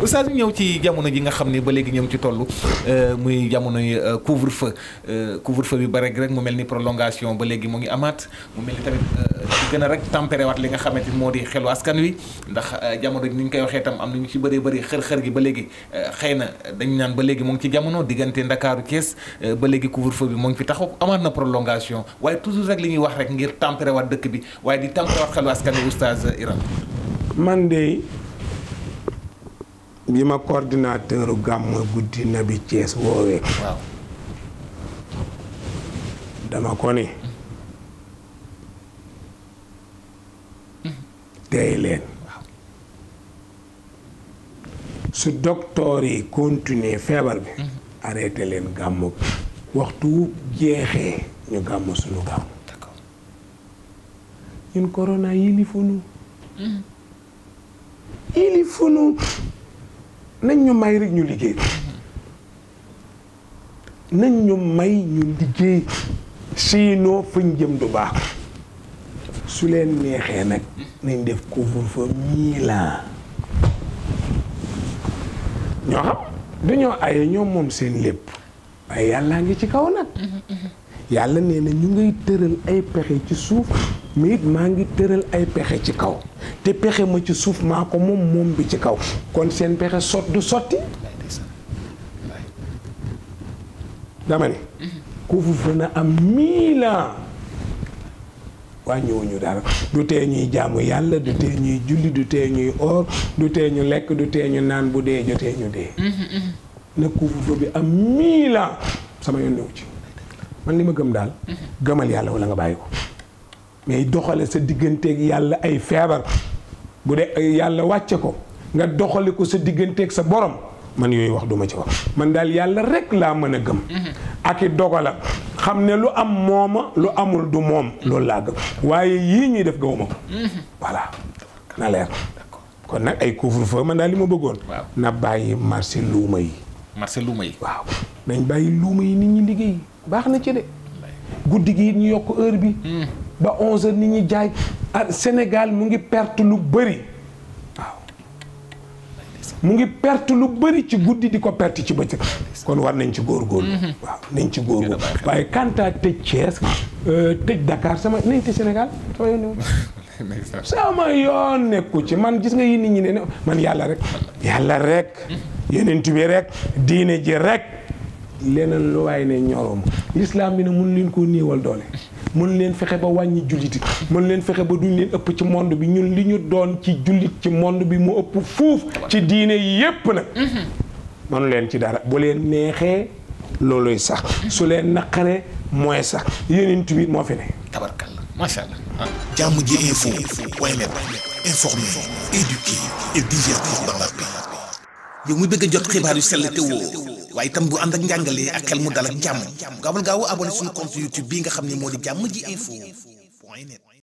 oustaz ñu ñëw ci jamono ji nga xam ni ba léegi ñoo ngi ci toll euh, muy jamonoy couvre feu couvre feu euh, bi ba rek rek mu mel ni prolongation ba léegi mu ngi amaat mu mel ni tamit euh, gën a rek tempéré li nga xamante ni moo di xelu askan wi ndax jamono ji ni ñu koy waxee tam am na ñu ci bëree bëri xër-xër gi ba léegi xëy na dañu naan ba léegi moo ngi ci jamono diggante Ndakaaru kees ba léegi couvre feu bi moo ngi fi taxaw amaat na prolongation waaye toujours rek li ñuy wax rek ngir tempéré waat dëkk bi waaye di tempéré waat xelu askan wi oustaz Iran man bi ma coordinateur gàmm guddi na bi Thiès woowee. waaw. dama ko ne. tey leen. su docteur yi continuer feebar bi. arrêté leen gàmm waxtu jeexee ñu gàmm suñu gàmm. ñun corona yilifunu. Mm-hmm. yilifunu. nañ ñu may rek ñu liggéey nañ ñu may ñu liggéey sinon fañ jëm du baax su leen neexee nag nañ def couvre-feu mille ans ñoo xam dañoo aye ñoom moom seen lépp waaye yàllaa ngi ci kaw nag mm-hmm, mm-hmm. yàlla nee na ñu ngay tëral ay pexe ci suuf mais maa ngi tëral ay pexe ci kaw te pexe ma ci suuf maa ko moom moom bi ci kaw kon seen pexe sot du sotti dama ne ku fu na am mille ans wàññiwuñu dara du tee ñuy jaamu yàlla du tee ñuy julli du tee ñuy oor du tee ñu lekk du tee ñu naan bu dee jotee ñu dee na couvre-feu bi am mille ans sama yoon ci man li ma gëm daal gëmal yàlla wala nga bàyyi ko mais doxale sa diggante digganteeg yàlla ay feebar bu dee yàlla wàcce ko nga doxale ko sa digganteeg sa borom man yooyu wax duma ci wax man daal yàlla rek laa mën a gëm mm-hmm. ak dogala xam ne lu am mooma lu amul du moom mm-hmm. loolu laa gëm waaye yii ñuy def gawuma ko mm-hmm. voilà na leer kon nag ay couvre-feu man daal li ma bëggoon na bàyyi marché luuma yi marché luuma yi waaw nañ bàyyi luuma yi nit ñi liggéey baax na ci de guddi gi ñu yokk heure bi mm. ba 11h nit ñi jaay ah, Sénégal mu ngi perte lu bëri waaw mu ngi perte lu bëri ci guddi di ko perte ci bëccëg kon war nañ ci góorgóorlu. Mhm. waaw nañ ci góor góorgóorlu waaye quant à tëj Thiès euh, tëj dakaar sama nañ ci Sénégal sama yoon nekku ci man gis nga yi nit ñi ne man yàlla rek. yàlla rek. yenent bi rek diine ji rek leneen lu waay ne ñoroom l'islam bi ne mun leen koo néewal doole. mën leen fexe ba wàññi jullit mën leen fexe ba duñ leen ëpp ci monde bi ñun li ñu doon ci jullit ci monde bi mu ëpp fuuf ci diine yépp nag mënu mm-hmm. leen ci dara bu leen neexee looloy sax su leen naqaree mooy sax yeneen bi moo fi ne tabarkalla ah. jàmm ji info mu bëgg a xibaar yu sell waaye tam bu ànd ak njàngalee ak xel mu dal ak jàmm gaawal gaaw abonné suñu compte YouTube bii nga xam ne moo di jàmm ji info